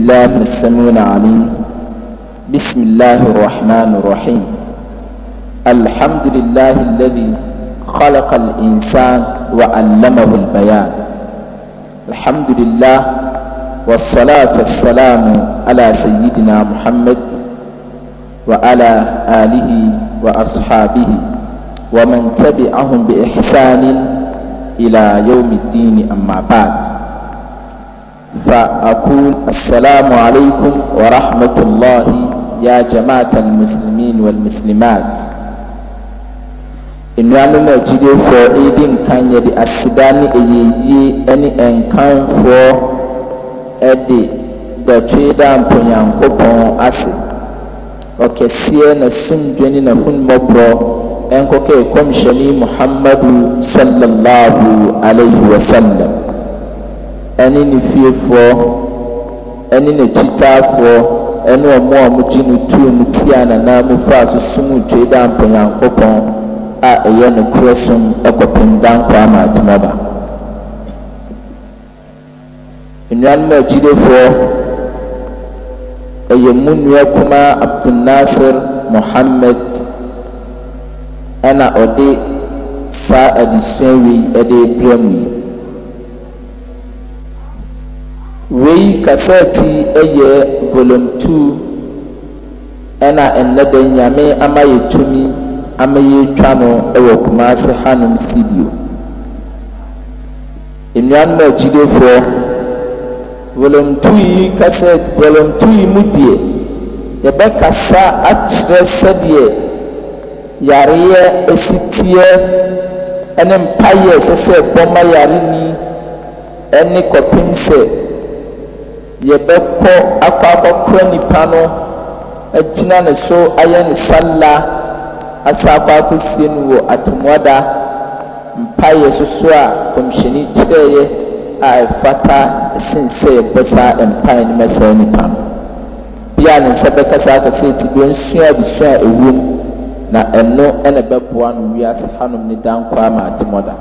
بالله السميع العليم بسم الله الرحمن الرحيم الحمد لله الذي خلق الإنسان وعلمه البيان الحمد لله والصلاة والسلام على سيدنا محمد وعلى آله وأصحابه ومن تبعهم بإحسان إلى يوم الدين أما بعد فأقول السلام عليكم ورحمة ya يا جماعة المسلمين والمسلمات nnuano na agyidefoɔ redi nkan yɛde aseda ne ɛyɛyie ne nkanfoɔ de dɔtwe da mponyankopɔn ase ɔkɛseɛ na sumdwe ne n'ahonmmɔborɔ nkɔkɛ kɔmhyɛne muhammadu sallallahu alaihi wasallam ɛne ne fiefoɔ ɛne n'akyitaafoɔ ɛne ɔmo a wɔgye ne tuo no ti a nanaa mu faa so som twe da mponyankopɔn a ɛyɛ ne korɛ som ɛkɔpem dankɔ ama atemaba nnuanom agyilefoɔ ɛyɛ mu nnua kumaa abdulnasir mohammed ɛna ɔde saa adesua wei ɛde brɛ mu yi wei kasɛɛti yɛ volume two ɛna ɛnna nyame ama yɛ tumi ama yɛ twa no wɔ kumase hanom studio nnuanom a gyidefoɔ volume two yi kasɛɛti volume two yi mu deɛ yɛbɛkasa akyerɛ sɛdeɛ yareɛ esiteɛ ne mpaeɛ sɛ sɛ yare ni ne kɔpem sɛ yɛbɛkɔ akɔ akɔkorɔ nipa no agyina ne so ayɛ ne salla asa akɔ akɔsie no wɔ atemmuada mpayɛ soso a kɔmhyɛni kyerɛeɛ a ɛfata sen sɛ yɛbɔ saa mpaeɛ no mɛsɛe nipa no bia ne nsa bɛkasa akasa eti bi nsua abusua a ɛwom na ɛno ɛna ɛbɛboa no wiase hanom ne dan kɔ ama atemmuada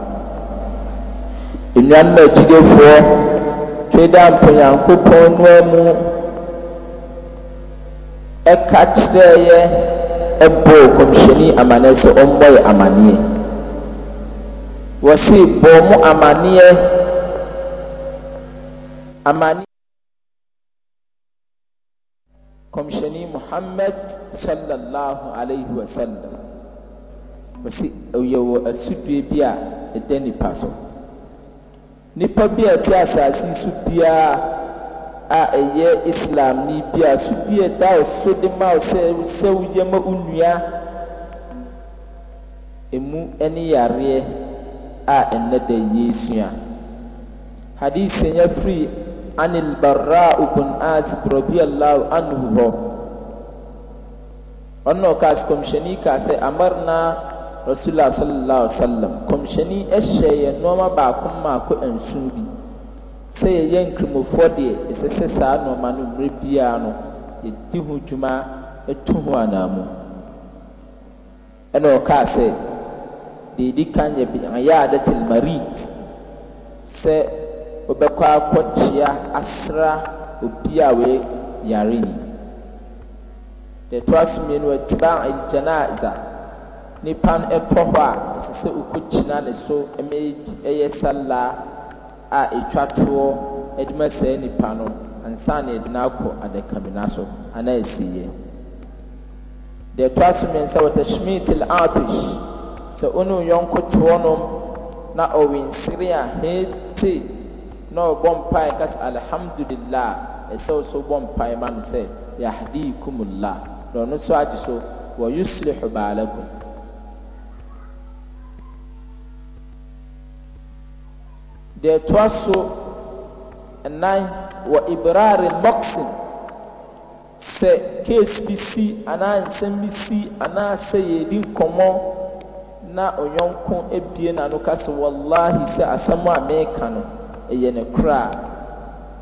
nnuanom akyidefoɔ tweda mponyankopɔn no mu, ɛka kyerɛɛ yɛ ɛbɔɔ kɔmhyɛni amanneɛ sɛ ɔmmɔ yɛ amanneɛ wɔ sei bɔɔ amanneɛ amanneɛ kɔmhyɛni muhammad sallallahu alaihi wasallam wɔ se ɔyɛ wɔ asudue bi a ɛda nipa so nnipa bi a ɛte asaase so biara a ɛyɛ islamni bi a sodie da wo so de ma wo sɛ sɛ woyɛ ma wo nua ɛmu ne yareɛ a ɛnnɛ da yɛsua hadise nya firi anil barra ibn azib radiyallahu anhu hɔ ɔno ɔkaa sɛ kaa sɛ amarna rasullla sallawsallam kɔmhyɛni ɛhyɛɛ yɛ nnoɔma baako maako ansu bi sɛ yɛyɛ krimofoɔ deɛ ɛsɛ sɛ saa nnoɔma no mmerɛ biara no yɛdi ho dwuma atu ho anaa mu ɛne ɔkaa sɛ deɛ ɛdi kan yɛ bayadat lmarid sɛ wobɛkɔ akɔkyea asra obia a wɔɛ yare ni de to asommiɛno atiba aljanaiza nipa no ɛtɔ hɔ a ɛsɛ sɛ kyina ne so ɛyɛ sala a ɛtwa toɔ de ma saa nnipa no ansa ne ɛgyina akɔ adakamina so anaa ɛsiyɛ deɛ ɛtɔ a so mmiɛnsa wɔtashmit l artish sɛ ɔne yɔnko toɔ nom na ɔwensere a hete na ɔbɔ mpae ka sɛ alhamdulillah ɛsɛ wo so bɔ mpae ma no sɛ yahdikumullah na ɔno so agye so wa yuslihu baalakum deɛ ɛtoa so ɛnan wɔ ibrare mɔksin sɛ case bi si anaa nsɛm bi si anaa sɛ yɛdi nkɔmmɔ na ɔnyɔnko abie n'ano ka sɛ wallahi sɛ asɛm a meka no ɛyɛ ne kora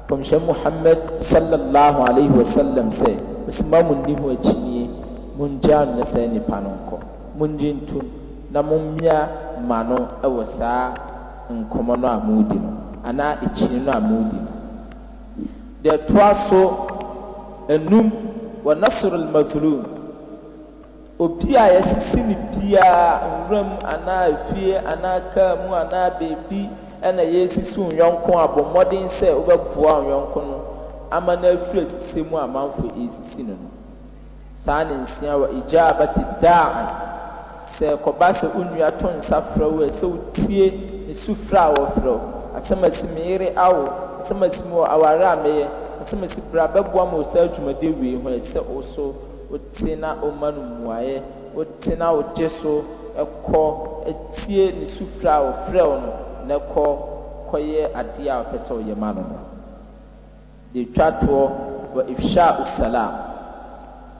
kɔmhyɛ muhammad sallallahu alaihi wasallam sɛ mesoma mu nni ho akyinnie mongyaa no na saa nnipa no nkɔ mongye ntom na mommia ma no ɛwɔ e saa nkɔmɔ no a mudi no anaa ekyini no a mudi no deɛ toa so enum wɔ nasoro mazulum obi a yɛsisi ne biara nwuram anaa efie anaa kaa mu anaa beebi ɛna yɛsisi nyɔnko abɔ mmɔden sɛ wobɛboa nyɔnko no ama no afiri asisi mu amanfo esisi no no saa ne nsia wɔ igya abati daa sɛ kɔba sɛ onua to nsa frɛ wo sɛ wotie mesu frɛ a wɔfrɛ wo asɛm asi me yere awo asɛm asi me wɔ aware a meyɛ asɛm asi bra bɛboa ma wo saa adwumade wei ho ɛsɛ wo so wote na woma no mmuaeɛ wote na wogye so ɛkɔ atie ne sufrɛ a wɔfrɛ no na ɛkɔ kɔyɛ adeɛ a wɔpɛ sɛ wɔyɛ ma no no de twa toɔ wɔ ifsha usalam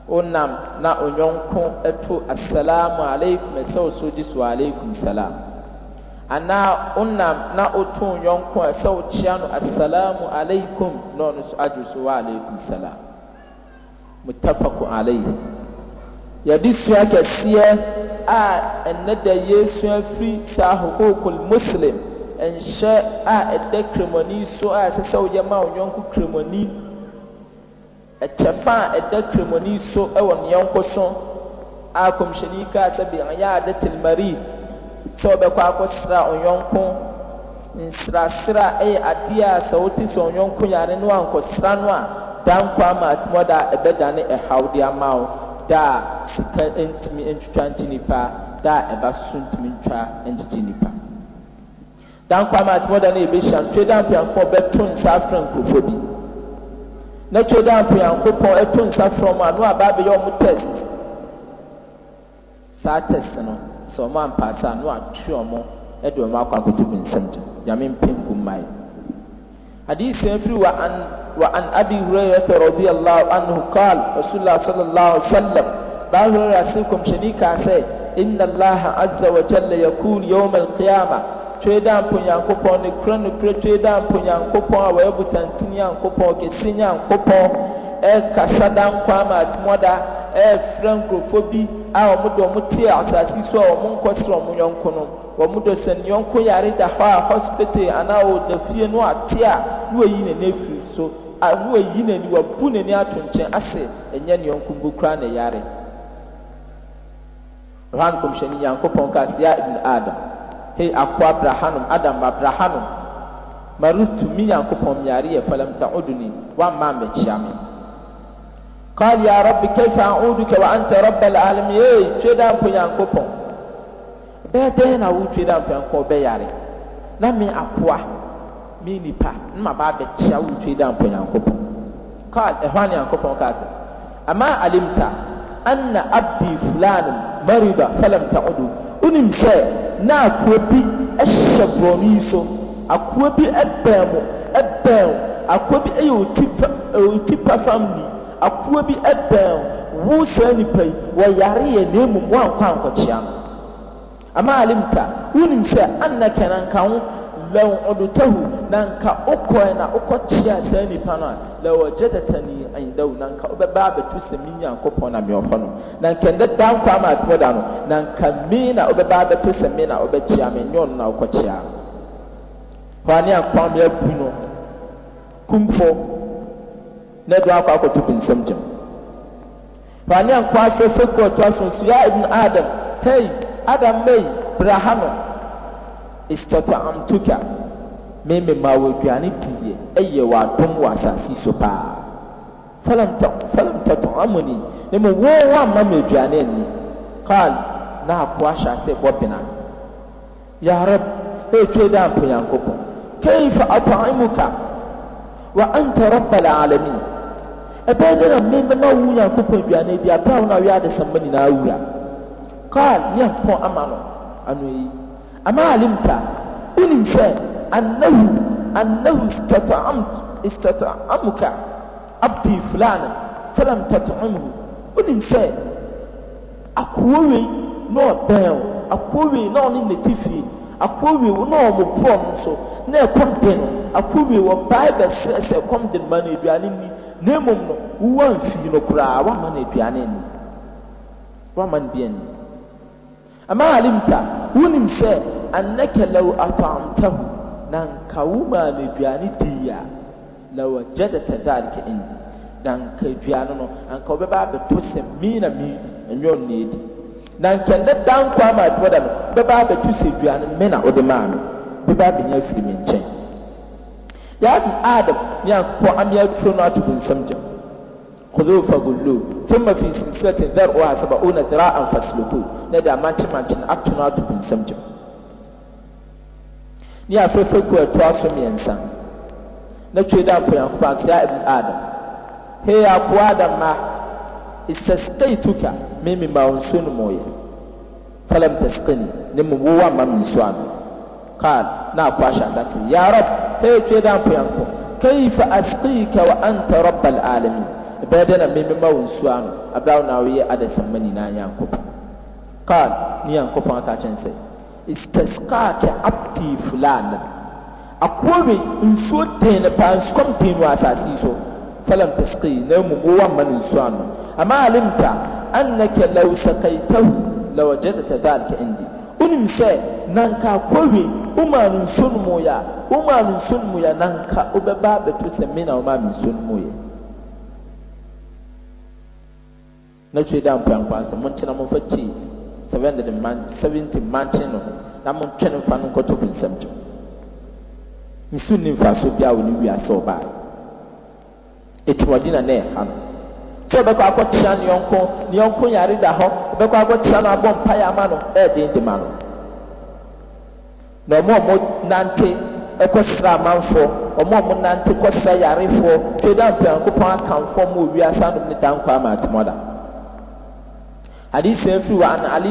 wonam na onyɔnko ɛto assalamu alaikum ɛsɛ wo so gye so alaikum salam anaa wonam na woto onwɔnko a sɛ wokyea no assalamu alaikum ne ɔno so adwer so wa aleikum salam mutafakun alaihi yɛde sua akɛseɛ a ɛnnɛda ye sua firi saa hokok lmuslim ɛnhyɛ a ɛda kramani so a ɛsɛ sɛwoyɛ ma onwɔnko krɛmani ɛkyɛ faa ɛda kramani so ɛwɔ nnyɔnko so a komhyɛnii kaa sɛbiayɛ adatelmarid sɛ ɔbɛkɔ akɔsra ɔnyɔnko nsrasra yɛ adeɛ a sɛ wote sɛ ɔnyɔnko yare no ankɔsra no a daa nkɔ ama atomɔda a ɛbɛdane ɛhaw de ama wo da a sika ntumi ntwitwa nkye nipa da a ɛba soso ntumi ntwa nkyegye nipa daa nkɔ ama atomɔda no yɛbɛhyia ntwe da bɛto nsa afrɛ nkurɔfoɔ bi na twe da mpeankopɔn ɛto nsa frɛ mu a no aba ɔmo test saa test no sɛ ɔmo ampaasa a no atwe ɔmo ɛde ɔmo akɔ akoto mi nsam nyame mpem gu mmae hadisi afiri wa an wa an abi hurairata radiyallahu anhu qal rasulullah sallallahu alaihi wasallam ba hurairah sai komshani ka sɛ inna allah azza wa jalla yaqul yawm al-qiyamah twe da mpo nyankopɔn ne kura ne kura twe da mpo nyankopɔn a wɔyɛ butantini nyankopɔn kɛse nyankopɔn ɛrekasa danko ama atemɔda ɛrefrɛ nkurɔfoɔ bi a wɔn de wɔn te asase so a wɔn nkɔsrɛ wɔn yɔnko no wɔn de sɛ ne yare da hɔ a hospital anaa ɔda fie no ate a ne wɔyi n'ani afiri so a ne wɔyi n'ani wɔbu n'ani ato nkyɛn ase ɛnyɛ ne yɔnko mbokura ne yare yohane kɔmhyɛni nyankopɔn kaa sɛ ya ibn adam hei akoa brahanom adam ba brahanom marutu mi nyankopɔn miare yɛ falam ta odoni wamma mmɛkyia me قال يا رب كيف أعودك وأنت رب العالمين إيه تشيدا بيانكوبون بẹ́ẹ̀ dẹ́n na wotwe dɛ apɛnkɔ bɛyare na me akoa me nipa na ma baa bɛkyia wotwe dɛ apɛnyankopɔn kaal ɛhɔ ne yankopɔn kaa sɛ ama alimta anna abdi fulan mariba falam ta'udu wonim sɛ na akoa bi ɛhyɛ borɔno yi so akoa bi ɛbɛn mo ɛbɛn akoa bi ɛyɛ oti pa oti pa fam nii akoa bi ɛbɛn wo saa nnipa yi wɔyareɛ na mmom woankɔ ankɔkyea no ama alimta wonim sɛ annaka na nka ho law ɔdotahu na nka wokɔɛ na wokɔkyea saa nnipa no a lawɔgyadatani aindahu na nka wobɛba abɛto sɛ me nyankopɔn na meɔhɔ no na nka ndɛ daa nkɔ ama apɔda no na nka me na wobɛba abɛto sɛ me na wobɛkyea me nyɛ ɔno na wokɔkyea hɔ a ne ankpɔn no kumfo na ɛde akɔ akɔto bensɛm gyam hwane a nkɔ ahwɛ fagu ɔto aso nso ya ibn adam hei adam mei bra ha no istata amtuka meme ma wɔ aduane diiɛ ɛyɛ wɔ adom wɔ asase so paa falam ta falam ta tɔn amuni ne mu wo wa ma ma aduane ani kaal na akɔ ahyɛ ase bɔ bena yaarab etwe da mponyankopɔn keifa atɔn imuka wa anta rabbal alamin ɛbɛyɛ dɛ na mmɛmɛ na wu nyankopɔn aduane di abira a wɔn awie adesamma nyinaa wura kaa nyankopɔn ama no ano yi ama alimta wonim hwɛ annahu annahu istata'am istata'amuka abdi fulana falam tat'amhu wonim hwɛ akowei na ɔbɛn akowei na ɔne ne fie akɔwie wo na wɔn poɔ no nso na ɛkɔm de no akɔwie wɔ bae bɛsrɛ sɛ ɛkɔm de no ma no aduane ni na mmom no wowɔ amfii no koraa woama no aduane ni woama no bi ani ama alimta wonim sɛ annaka law atamtahu na nka womaa no aduane dii a law agyadata dhalika indi na nka aduane no anka wobɛba abɛto sɛ mii na mii di ɛnyɛ ɔno na na nkɛndɛ da nkwa ama adwuma da no bɛba abɛtu sɛ dua no me na ɔde maa no bɛba abɛnya firi me nkyɛn yaabi adam ne ankokɔ ame aturo no ato nsɛm gyam khudhuhu fagulluhu thumma fi silsilatin dhar'uha sab'una dhira'an fasluku na de amakyemakye no ato no ato nsɛm gyam ne afɛfɛ ku ɛtoa e so mmiɛnsa na twe da mponyankopɔn akisɛ ibn adam hei akoa adam ma istastaituka mimi mbaonsu ni mooyɛ falam tasqini ni mu bo wamma min su'ami qal na kwa sha saksi ya rab he ke dan puyan ko kayfa asqika wa anta rabbal alamin ibada na mimi mbaonsu anu abraw na wiye adasan mani na yanko qal ni yanko pa ka cin sai istasqaka abdi fulan akowe nsuo tene pa nskom tenu asasi so falam tasqi na mu go wa man nsu ano amma alimta annaka law saqaitahu law jazata dhalika indi unim sɛ nanka kowe woma no nsu no mu yɛ a woma no nsu no mu yɛ nanka wobɛba abɛto sɛ me na woma me nsu no mu yɛ na twe da mpɛnkwan sɛ monkyena momfa cheese seventy mankye no ho na montwe no mfa no nkɔto bo nsɛm kyɛw nsu ne mfaso biara wɔ ne wiase ɔbaa ɛtiwɔgyina ne ha no so ɔbɛkɔ akɔkyea neɔnko neɔnko yare da hɔ ɔbɛkɔ akɔkyea no abɔ ama no e ma no na ɔmo a nante ɛkɔsra amanfoɔ ɔmo a nante kɔsra yarefoɔ twei da mpanyankopɔn akamfoɔ ma owiase anom ne ama atemɔda hadisi efiri wa ana ali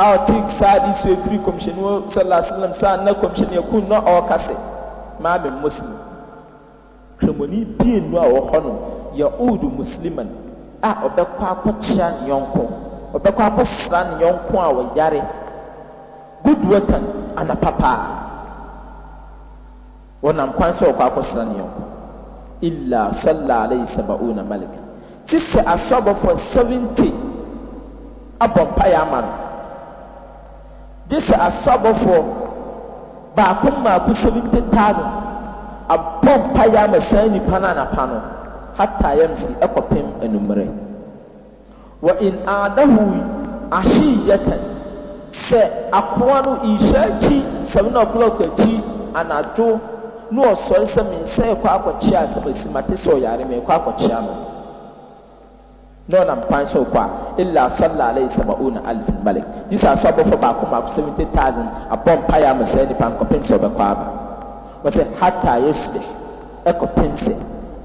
a ɔte saa de so efiri kɔmhyɛni sallallahu alaihi wasallam saa na kɔmhyɛni ɛkun na ɔrekasa maame muslim hwɛmɔni bie nu a ɔwɔ hɔnom yɛ old musliman a ɔbɛkɔ akɔkyea ne yɔnko ɔbɛkɔ akɔsra ne yɔnko a ɔyare good watan anapa papa. wɔnam kwan so ɔkɔ akɔsra ne yɔnko illa sallallahu alaihi saba'una malika titi asɔbɔfo seventy abɔ mpaeɛ ama no gye hyɛ asɔbɔfoɔ baako mmaako seventy thousand abɔ mpaeɛ ama saa nnipa no anapa no hata yamsi ɛkɔpem anummerɛ wɔ in adahu ahyeyɛtɛn sɛ akoa no nhyɛ akyi seven o'clock akyi anadwo na ɔsɔre sɛ me nsa ɛkɔ akɔkyea sɛ masi mate sɛ ɔyare me ɛkɔ akɔkyea no nɔɔnam kwan so kɔ a illa sɔlla ale sabaun alifin malik disi asɔ abɔfo baako maako seventy thousand abɔ mpaeɛ ama saa nipa nkɔpem sɛ ɔbɛkɔ aba wɔsɛ hata yɛsibɛ ɛkɔpem sɛ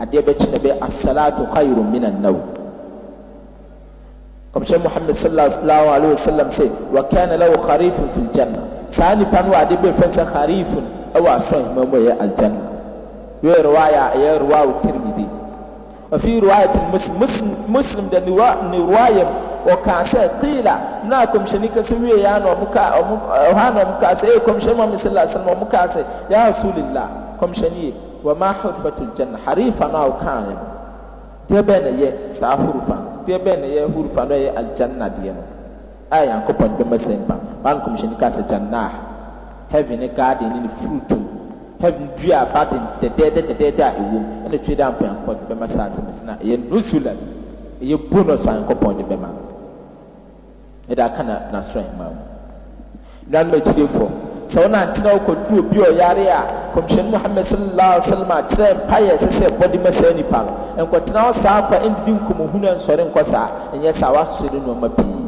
adeɛ bɛkyi na bɛ asalaatu khairu min annaw kɔmhyɛ muhammad sallallahu alaihi wasallam sɛ wa kana lahu kharifun fil janna saa nipa no a adeɛ bɛ fɛn sɛ kharifun ɛwɔ asɔn hima mu ɛyɛ aljanna yɛ riwaya ɛyɛ riwaya tirmidhi وفي رواية مسلم مسلم ده نواية وكان سي قيل نا كمشني كسوية يعني ومكا وهانا ومكاسة مكا إيه كمشني محمد صلى الله عليه وسلم ومكاسة يا رسول الله شني وما حرفة الجنة حريفة ناو كان تبين يه na تبين يه hurufa ناو يه الجنة na yɛ hurufa no yɛ ما نكم no a yankopɔn bɛma sɛmpa maa hɔdudua baden dɛdɛɛdɛ dɛdɛɛdɛ a ɛwɔ mu ɛna twe dɛ ampɛnkɔ de bɛma saase mu sena ɛyɛ nusula ɛyɛ bonus a nkɔpɔn de bɛma ɛde aka na n'asoro ɛma mu nnuanom akyire fo sɛ wɔn antena wɔ kɔduru obi a ɔyare a kɔmhyɛn muhammed sallallahu alaihi wa sallam akyerɛ mpaeɛ sɛsɛ bɔde mɛsɛɛ nipa no nkɔtena hɔ saa akwa ndidi nkɔmɔhunu nsɔre nkɔ saa ɛnyɛ saa wasɔre ne nneɛma pii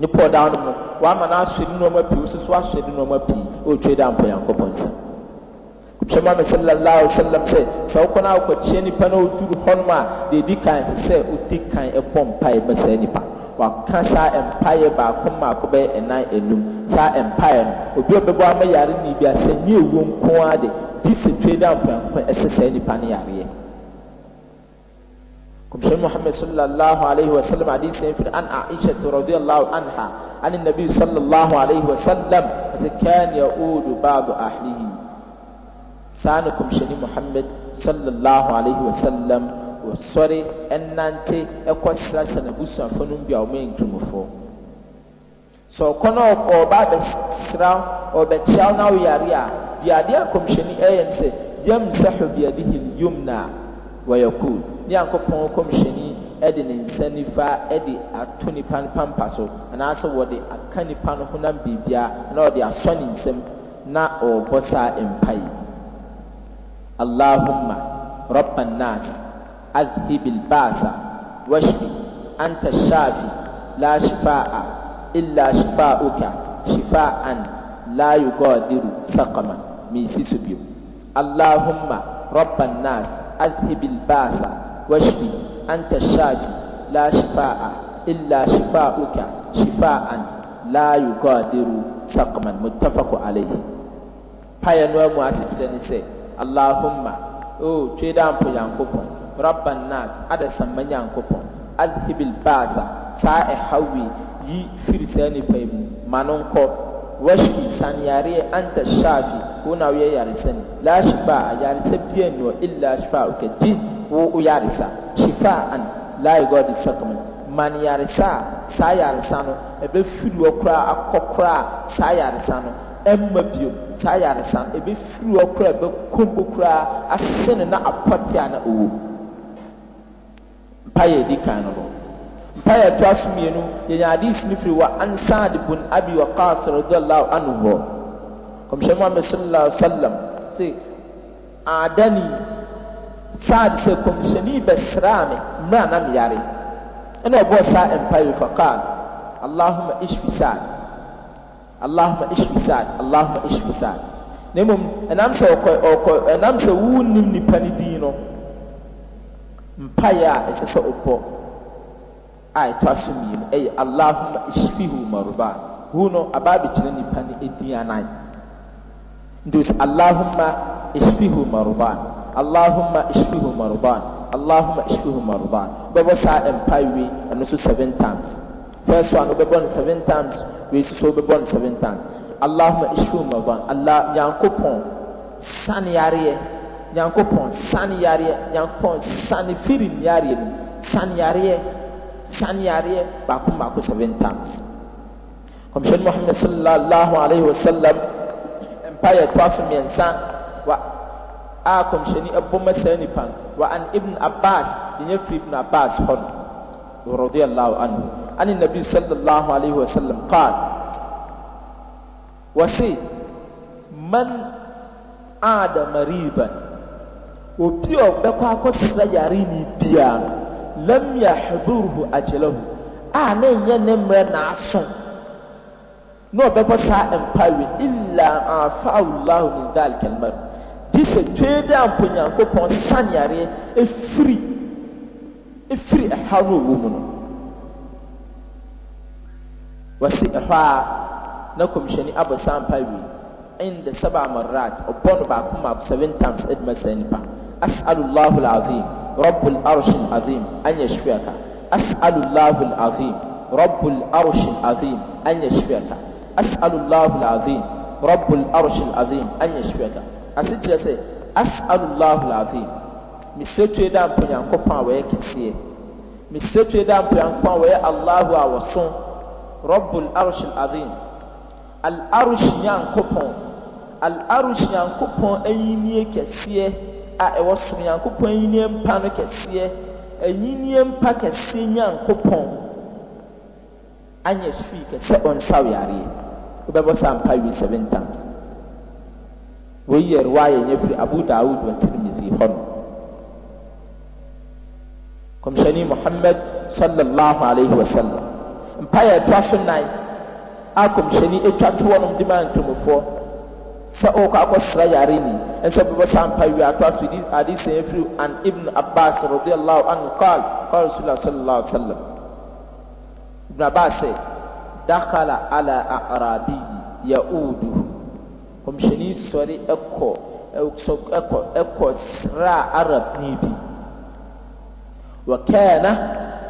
nipa ɔda hɔ no mu wama n'asɔre ne nneɛma pii soso asɔre ne nneɛma pii ɔretwe dɛ ampa nyankopɔn sɛm twɛma me sallallahu alaihi wasallam sɛ sɛ wokɔ na wokɔkyia nipa na ɔduru hɔnom a deɛ ɛdi kan sɛ sɛ wodi kan ɛbɔ mpaeɛ ma saa nipa waka saa mpaeɛ baako mmaako bɛyɛ ɛnan enum saa mpaeɛ no obi a ɔbɛbɔ ama yare ne bi a sɛ nyɛ ewuo nko ara de gyi sɛ twe dɛ ampa nyankopɔn ɛsɛ saa nipa ne yareɛ كم شيء محمد صلى الله عليه وسلم عليه سيف عن عائشة رضي الله عنها عن النبي صلى الله عليه وسلم إذا كان يؤود بعض أهله سانكم كمشان محمد صلى الله عليه وسلم وصري أن أنانتي أكو سرسن بس فنم بيومين كرمفو so ɔkɔ na ɔba abɛsra ɔbɛkyia na ɔyare a deɛ adeɛ akɔmhyɛni ɛyɛ no sɛ yamsahu biadihi lyumna wayakul neankɔpɔn kɔmhyɛni ɛde ne nsa nifa ɛde ato nipa no pampa so anaasɛ wɔde aka nipa no honam biribia na ɔde asɔ ne nsɛm na ɔɔbɔ saa mpayi allahumma rɔbnas ahibi lbaasa wasfi anta shafi la shifaa ila shifauka shifaan la ugadiru sakama misi so bio allahumma rbnas ahibilbaasa واشفي أنت الشافي لا شفاء إلا شفاؤك شفاء لا يغادر سقما متفق عليه payanoa mu asekyerɛ ne sɛ allahumma o twe da mpo nyankopɔn rabban nas adasamma nyankopɔn adhibil baasa saa ɛhawe yi firi saa nipa yi mu ma no nkɔ washfi saneareɛ anta shafi wo na woyɛ yaresani la shifa a yaresɛ bia nnuɔ illa shifa okagyi wo yaresa shifaan la yugadi sakam mani yaresa saa yaresa no ɛbɛfiri hɔ koraa akɔ koraa saa yaresa no ɛmma bio saa yaresa no ɛbɛfiri hɔ koraa ɛbɛkɔm bo koraa ahyɛ no na apɔte a na ɔwɔ mpaeɛ edi kan no ho mpaeɛ ɛtoa so mmienu yɛnyɛ adeesi no firi wɔ ansaade bun abi wɔ kaa sɔrɔ dɔlaw ano hɔ kɔmhyɛn mu amesɔlɔ sallam se adani. sade sɛ kɔm syɛni bɛsrɛa me mmerɛ a nam yare ɛne ɔbɔɔ saa ɛmpa yoo fa qal allahuma ɛsi saad allahuma spi saade allahuma asiwi saad na mmom ɛnɔɛnam sɛ wuu nnim nnipa no din no mpaeɛ a ɛsɛ sɛ ɔpɔ a ɛtɔ asomiino ɛyɛ allahumma ispihu maroban huru no abaa bɛkyira nipa no adin anan nti o sɛ allahumma ɛspihuu muroban اللهم اشفه مرضان اللهم اشفه مرضان بابا سا امباي وي انو سو 7 تايمز فيرست وان بابا 7 تايمز وي سو بابا 7 تايمز اللهم اشفه مرضان الله يانكوبون سان ياري يانكوبون سان ياري يانكوبون سان فيرين ياري سان ياري سان ياري باكو باكو 7 تايمز كم محمد صلى الله عليه وسلم امباي تواسو ميانسان a kɔmhyɛni ɛbɔ ma saa nipa no wa an ibn abbas yɛnyɛ firi ibn abbas hɔ no rɔdi allahu anhu ani nabi sallallahu alaihi wa sallam qaal wɔsi man aada mariban obi a ɔbɛkɔ akɔsra yare ni bia no lam yahduruhu ajalahu a ne nyɛ ne mmerɛ n'aso na ɔbɛbɔ saa mpaeɛ illa afa allahu min dhalika almar gye sɛ twe dɛ ampo nyankopɔn saneareɛ ɛfiri ɛfiri ɛha no ɔwɔ mu no wɔse ɛhɔ a na kɔmhyɛni abɔ sampa wie عند سبع مرات وبون باكم سبع تامس ادما سنبا اسال الله العظيم رب العرش العظيم ان يشفيك اسال الله العظيم رب العرش العظيم ان يشفيك اسال الله العظيم رب العرش العظيم ان يشفيك ase kyerɛ sɛ as'alullahu alazim mesetue da mpo nyankopɔn a wɔyɛ kɛseɛ mesetue da mpo nyankopɔn a wɔyɛ allahu a wɔso rabbul arsh alazim al-arsh nyankopɔn al-arsh nyankopɔn anyinnie kɛseɛ a ɛwɔ soro nyankopɔn anyinnie mpa no kɛseɛ anyinnie mpa kɛseɛ nyankopɔn anyɛ hwii kɛsɛ ɔnsaw yareɛ wobɛbɔ saa mpa wie seven times wei yɛ riwaayɛ nyɛ firi abu daud wa tirmidhi hɔ no kɔmhyɛni muhammad sallallahu alaihi wa sallam mpaeɛ ɛtoa so nan a kɔmhyɛni atwa toɔ nom de maa nkramofoɔ sɛ ɔrekɔ akɔsra yare ni ɛnso bɛbɔ saa mpa wie atoa so ade sɛn afiri an ibn abbas radiallahu anhu qal qala rasulullah sallallahu alaihi wa sallam ibn abbas sɛ dakhala ala a'rabiyi ya'uduhu kɔmhyɛni sɔre ɛkɔ ɛsɔ ɛkɔ ɛkɔ sra arabni bi wɔkɛɛna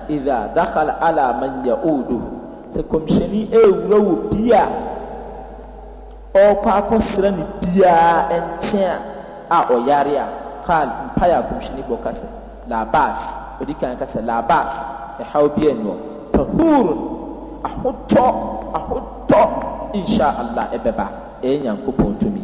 idha dakhala ala man yauduhu sɛ kɔmhyɛni ɛɛwura wɔ bi a ɔrekɔ akɔsra ne biara nkyɛn a ɔyare a kaal mpaeɛ a kɔmhyɛni bɔ kasa labas ɔdi kan kasa labas ɛhaw bi ɛnɔ tahurun ahotɔ ahotɔ insha allah ɛbɛba. ɛyɛ nyankopɔn tumi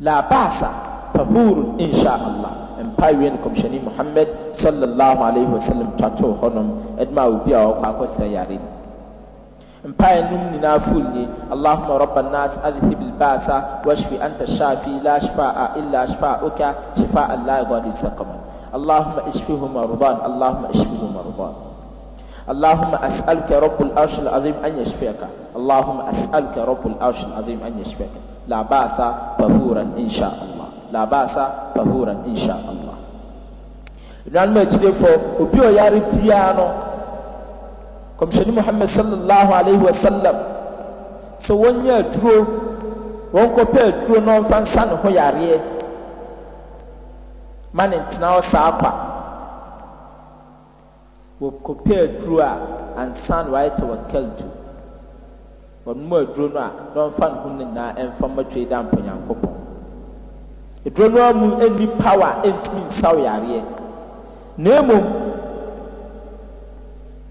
labasa tahurun insha allah mpa wie no kɔmhyɛne muhammad sallallahu alaihi wasallam twatoo hɔnom ɛdema a obi a wɔkɔ akɔsrɛ yare no mpaeɛ nom nyinaa fulni allahuma raba nnas adhib lbasa washfi anta shafi la shifaa illa shifauka shifaan la yughadiru saqaman allahuma ishfihum mardan allahuma ishfihum mardan اللهم أسألك رب العرش العظيم أن يشفيك اللهم أسألك رب العرش العظيم أن يشفيك لا بأس فهورا إن شاء الله لا بأس فهورا إن شاء الله نحن مجدد فو وبيو يا ربيانو كم شني محمد صلى الله عليه وسلم سو ون يدرو ون كو پي درو نون فان سان هو ياريه من انتناو ساقا wɔkɔpɛ aduro a ansan na wɔayɛ tawakal tu wɔnom aduro no a na ɔmfa ne ho nyinaa ɛmfa mmatwa da mpa nyankopɔn aduro no amu power ntumi nsaw yareɛ na mmom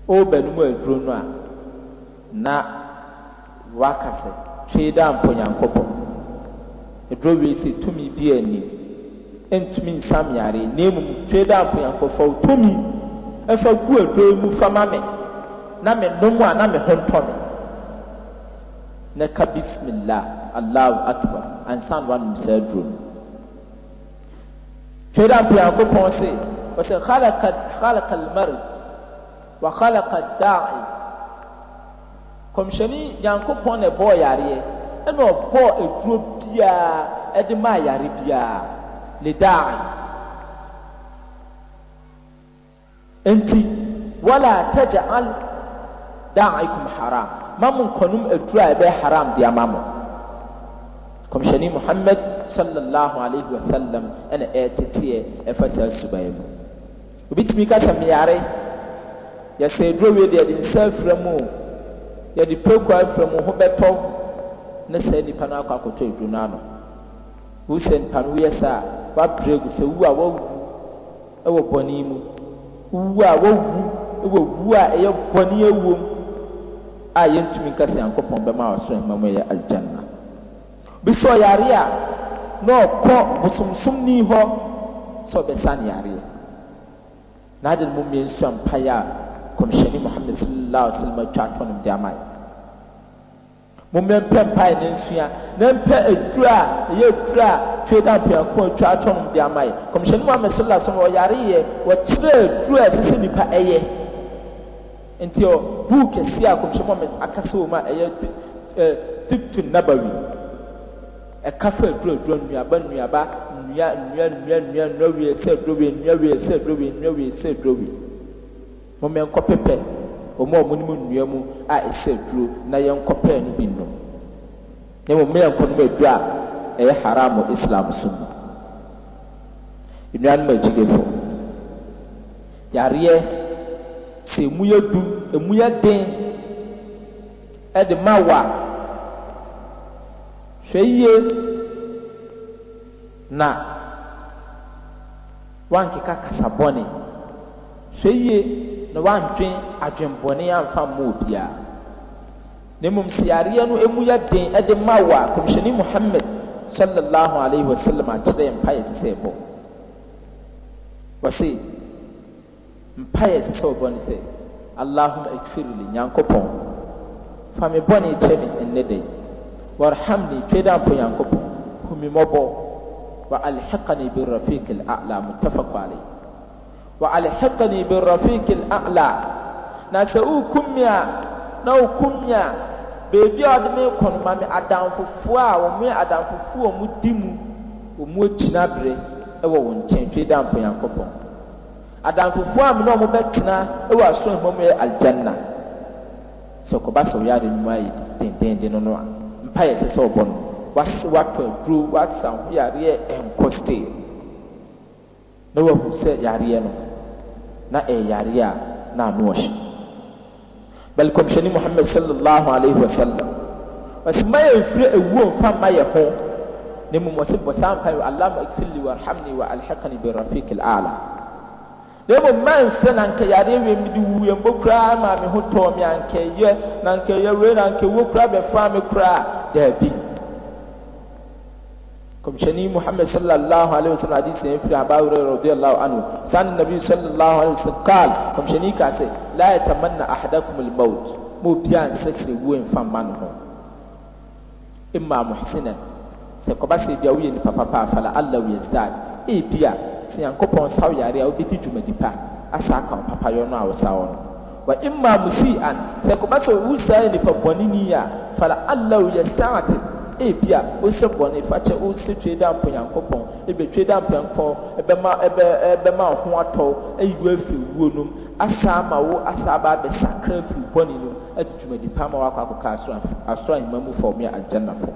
ɔreba no mu aduro no a na waka sɛ twe da mpa nyankopɔn aduro wei sɛ tumi bi anim ntumi nsam yareɛ na mmom twe da mpa nyankopɔn tumi ɛfa gu aduro mu fama me na me nom a na me ho ntɔ me na ka bismillah allahu akbar ansa na wanom saa aduro no twɛ dɛ ampiankopɔn se wɔsɛ khalaqa almarid wa khalaqa dae kɔmhyɛne nyankopɔn na ɛbɔɔ yareɛ ɛna ɔbɔɔ aduro biara ɛde maa yare biara le dae enti wala tagyaal darikum haram mamo nkwanom aduru a ɛbɛɛ haram deɛ ma mo kɔmhyɛne mohammad salla alaiwasalam ɛne ɛyɛteteɛ ɛfa saa subaeɛ mu obi tumi ka sɛ mmeyare yɛsɛ adurowie de yɛde nsa afira mu o yɛde pɛkua afira mu ho bɛtɔw ne saa nnipa no akɔ akɔtɔ adrunua no wo sɛ nnipa no woyɛ sɛ a woaprɛgu sɛ wu a woawdu ɛwɔ bɔneyi mu wu a woawru wɔwu a ɛyɛ bɔ ne ɛwom a yɛnntumi nkasa nyankopɔn bɛma a wɔasonhoma ma ɛyɛ alganena bɛhwɛ ɔyareɛ a na ɔkɔ bosomsom ni hɔ sɛ ɔbɛsa ne yareɛ na ade no momiɛ nsua mpayɛ a komihyɛni muhamad sallaw salam atwa atɔnomde amayɛ mmoa mpɛ mpae ne nsua na mpɛ aduro a ɛyɛ aduro a twe da mpeako atwa atwam de ama yɛ kɔmhyɛn mu amɛ sola so wɔyare yɛ wɔkyerɛ aduro a ɛsɛ sɛ nipa ɛyɛ nti ɔ buu kɛseɛ a kɔmhyɛn mu amɛ akasa wɔ mu a ɛyɛ ɛɛ tutu nabawi ɛka fa aduro aduro nnuaba nnuaba nnua nnua nnua nnua nnua wie sɛ aduro wie nnua wie sɛ aduro wie nnua wie sɛ aduro wie mmoa nkɔ pɛpɛ wɔn a wɔnim nnua mu a ɛsɛ aduro na yɛnkɔ pɛɛ no bi nnom na mmom na yɛnkɔ nom aduro a ɛyɛ haram wɔ islam so mu nnuanom agyidefo yareɛ sɛ emu yɛ du emu yɛ den ɛde ma wa hwɛ yie na wankeka kasabɔne hwɛ yie. na wantwe adwembɔne amfa mmoɔ biara na mmom sɛ yareɛ no ɛmu yɛ den ɛde ma wɔ a kɔmhyɛne muhammad sallallahu alaihi wasallam akyerɛ mpaeɛ sɛ sɛ ɛbɔ wɔse mpaeɛ sɛ sɛ wɔbɔ ne sɛ allahuma ikfirli nyankopɔn fa me bɔne kyɛ me nnɛ dɛ warhamni twe da mpo nyankopɔn hu me mmɔbɔ wa alhiqani birafiq al a'la alaihi wa alhiqni birafiqi lala na sɛ u na u me a beabi a me kɔ ma me a me mu di mu wɔ mu agyina berɛ ɛwɔ e wo nkyɛn twe da mpo nyankopɔn adamfofoɔ a me ne ɔmo e aljanna sɛ ɔkɔba sɛ ɔyɛ no no wa ho na no na ɛyare a na ano ɔhyɛ bɛl kɔmhyɛni muhammad sallallahu alaihi wa sallam ɔsi mma yɛ mfiri ewuo mfa mma ho na mu ɔsi bɔ saa mpa yi alama wa arhamni wa alhaqani bi rafiq ala na mu mma mfiri na nkɛyare wie mi de wu yɛn kura maame ho tɔɔ mi ankɛyɛ na nkɛyɛ wei na nkɛwɔ koraa bɛfa mi kura daabi. كمشني محمد صلى الله عليه وسلم حديث في أبا هريرة رضي الله عنه سأل النبي صلى الله عليه وسلم قال كمشني كاسي لا يتمنى أحدكم الموت مو بيان سكسي وين فمانه إما محسنا سكباسي بيوي نبابا با فلا الله يزداد إيه بيا سيانكوبون ساو ياري أو بيتي جمدي با أساكا بابا يونو أو ساونو wa imma musian sɛ kɔba sɛ wusaa nipa bɔneni a ebi a wosɛ bɔne fakyɛ wosɛ twe da ebe ebɛtwe da mpɔnkɔ ɛbɛma ɛbɛ ɛbɛma ɔho atɔ eyi wo efi wuo nom asa ama wo asa aba abɛsakra fi bɔne nom ɛtutu ma nipa ma wakɔ akɔka asora asora ahima mu fɔm yɛ agyana fɔm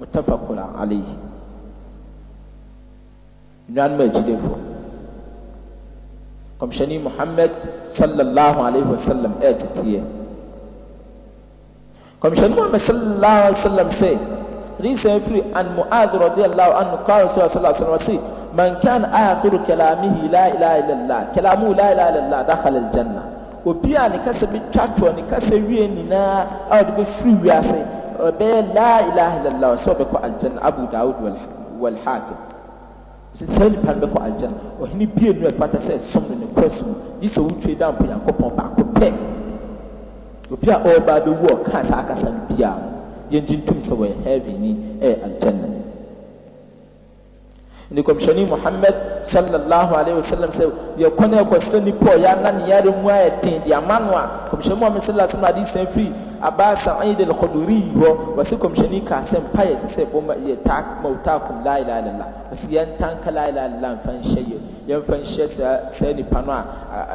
mutafa kola aleyi nnuanum agyinefo kɔmhyɛni muhammed sallallahu alayhi wa sallam ɛɛteteɛ kɔmhyɛni muhammed sallallahu alayhi wa sallam sɛ. hadisa firi an mu'adh radiyallahu anhu qala rasul sallallahu alaihi wasallam si man kan akhiru kalamihi la ilaha illallah kalamu la ilaha illallah dakhala aljanna obi a ne kasa bi twato ne kasa wie nyinaa a ɔde bɛfiri wiase ɔbɛyɛ la ilaha illallah sɛ ɔbɛkɔ aljanna abu daud wal hakim sɛ saa nipa no bɛkɔ aljanna ɔhene bie nu ɛfata sɛ som no ne kɔ so gye sɛ wotwe da mpo nyankopɔn baako pɛ obi a ɔreba bɛwu ɔkaa saa akasa no biara yɛngye ntom sɛ wɔyɛ heaveni ɛyɛ aljanna ni ne kɔmhyɛne muhammad sallallahu alaihi wasallam sɛ deɛ kwan a ɛkɔsɛ nipa ɔyɛ ana ne yare mu a ɛden deɛ ama no a kɔmhyɛne muhammad sallallahu alaihi wasallam ade san firi abaa sa'id al-khudri hɔ wɔsɛ kɔmhyɛne ka sɛ mpa yɛ sɛ bɔ ma yɛ taa ma taa kum la ilaha illallah wɔsɛ yɛn tanka la ilaha illallah mfa nhyɛ yɛ yɛn mfa nhyɛ saa saa nipa no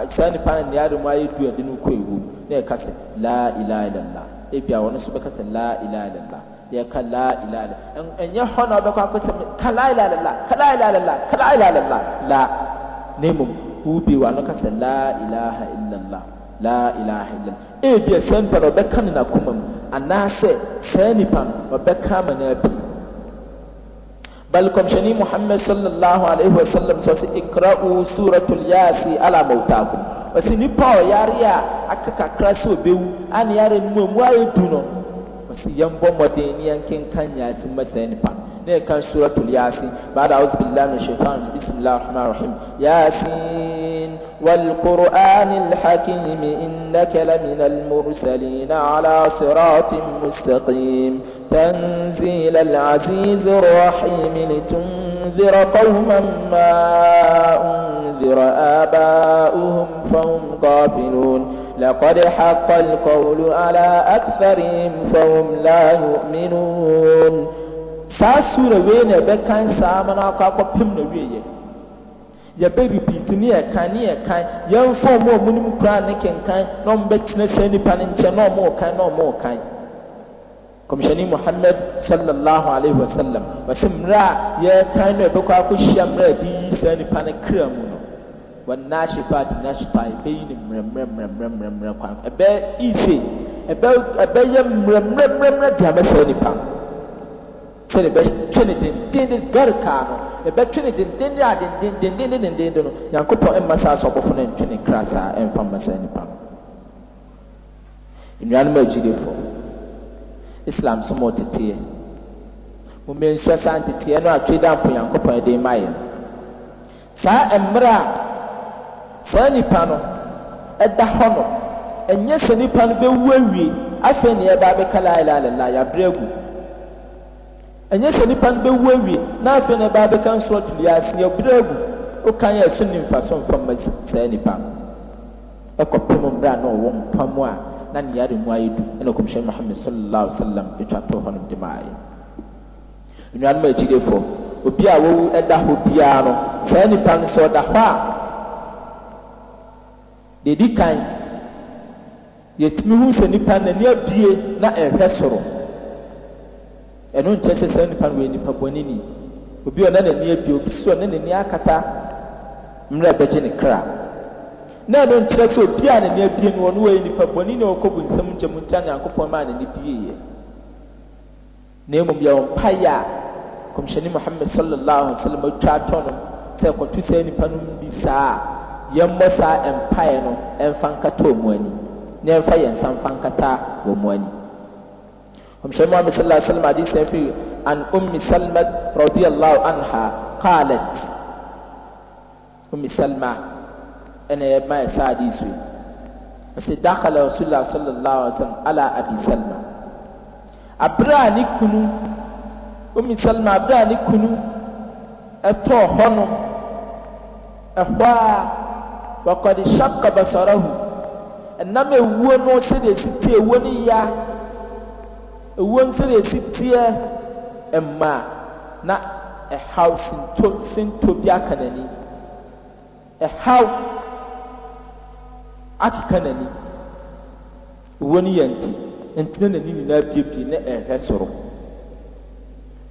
a saa nipa no ne yare mu a yɛ du ɛde no kɔ ewu ne yɛ ka sɛ la ilaha illallah ebi a wɔ no so bɛka sɛ lai la yɛka l ɛyɛ hɔ na wɔbɛkɔ akɔsɛm ka laila la ka lla kalilla la nemom wo bi w' no ka sɛ li il lihi ebia saa nipa no ɔbɛka ne nokoma mu anaasɛ saa nipa no ɔbɛka ama no abi بل كم شني محمد صلى الله عليه وسلم سوى اقرأوا سورة الياسي على موتاكم وسيني باو ياريا أكاكا كراسو بيو أن ياري نمو موائي دونو وسي ينبو مدينيان كن كان ياسي مسيني ne kan suratul yasin ba'da a'udhu billahi minash shaitani bismillahir rahmanir rahim yasin wal qur'anil hakim innaka laminal mursalin ala siratin mustaqim tanzilal azizir rahim litunzira qauman ma unzira aba'uhum fahum غافلون لقد حق القول على أكثرهم فهم لا يؤمنون saa sura wei na ɛbɛkan saa ma no akɔ akɔpem na wieɛ yɛbɛ repeat ne yɛkan ne yɛkan yɛmfa ɔmo a ɔmonim koraa ne kenkan na ɔmobɛtena saa nnipa no nkyɛn na ɔmoɔkan na ɔmoɔkan kɔmhyɛne muhammad sallallahu alaihi wasallam wɔsɛ mmerɛ a yɛrekan no ɛbɛkɔ akɔhyia mmerɛ a de yi saa nnipa no kra mu no wɔnahye part nahye part ɛbɛyi ne mmerɛmmerɛmmerɛmmerɛmmerɛ kwan ɛbɛyɛ easy ɛbɛyɛ mmerɛmmerɛmmerɛ de ama saa nnipa twene bɛtwe ne denden de gɔre kaa no ne bɛtwe ne denden de a denden denden de denden de no nyankopɔn mma saa sɛ ɔbɔfo no ntwe ne kra saa mfa mma saa nipa no nnuanom agyirefo islam so ma ɔteteɛ mome nsua saa nteteɛ no atwe da mpo nyankopɔn e de ma yɛ saa mmerɛ a saa nipa no ɛda e hɔ no ɛnyɛ e sɛ nipa no bɛwu awie afei ne yɛba abɛka la ilaha illallah yɛabrɛ agu ɛnyɛ sɛ nipa no bɛwu awie na afei na ɛbaa bɛka nsorɔ to deɛ ase ɛbrɛ agu woka yɛ ɛso ne mfa so mfa ma saa nipa e no ɛkɔpem mmerɛ a na ɔwɔ nkwa mu a na e ne yare mu ayɛ du ɛna kɔmhyɛn muhammed sallallahu alaihi wasallam atwa e to hɔ nom de ma ayɛ nnuanom agyirefoɔ obi a wɔwu ɛda hɔ biara no saa nipa no sɛ ɔda hɔ a deɛ di kan yɛtumi hu sɛ nipa n'ani abie na ɛhwɛ soro ɛno nkyɛ sɛ saa nipa no wɔ nipa bɔneni obi a ɔna n'ani abie obi so ɔne n'ani akata mmerɛ bɛgye ne kra na ɛno nkyerɛ sɛ obi a n'ani abie no ɔno wɔyɛ nipa bɔneni a ɔkɔ bu nsɛm nkyɛn mu nkyɛn nyankopɔn maa n'ani bie yɛ na emu yɛ wɔn mpaeɛ a kɔmhyɛni muhammed sallallahu alaihi wa sallam atwa atɔ no sɛ kɔtu saa nipa no bi saa yɛn mmɔ saa mpaeɛ no ɛmfa nkata wɔn ani na ɛmfa yɛn nsa mfa nkata wɔn ani. ومشان محمد صلى الله عليه وسلم حديث في عن أم سلمة رضي الله عنها قالت أم سلمة أنا ما ساديس دخل رسول الله صلى الله عليه وسلم على أبي سلمة أبراني كنو أم سلمة أبراني كنو أتو هنو أخوا وقد شق بصره ɛnam ewuo no sɛdeɛ si tie ewuo nso na esi teɛ mmaa na ɛhaw sinto sinto bi aka n'ani ɛhaw akeka n'ani ewuo no yɛ nti ntina n'ani nyinaa biebie na ɛhwɛ soro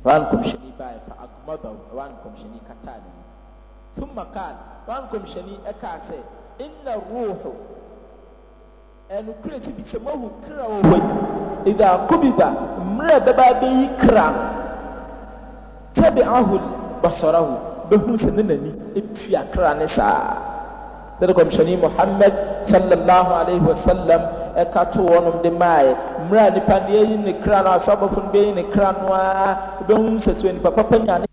wan kɔmhyɛni baa fa agomabaw wan kɔmhyɛni kataa n'ani fun makaal wan kɔmhyɛni ɛkaa sɛ nna ruuhu ɛnukura si bi sɛ mo ahu kra wɔ hɔ yi ɛdá akubida mmerɛ bɛba bɛyi kra tɛbi ahu basɔra ho bɛhu sɛ ne nani etua kra ne saa sɛde kɔmhyɛni muhammed sallallahu alayhi wa sallam ɛka to wɔnom de maaɛ mmerɛ a nipa ne ayi ne kra no asɔ abɔfo no bɛyi ne kra no ara bɛhu sɛ so nipa papa nya ne.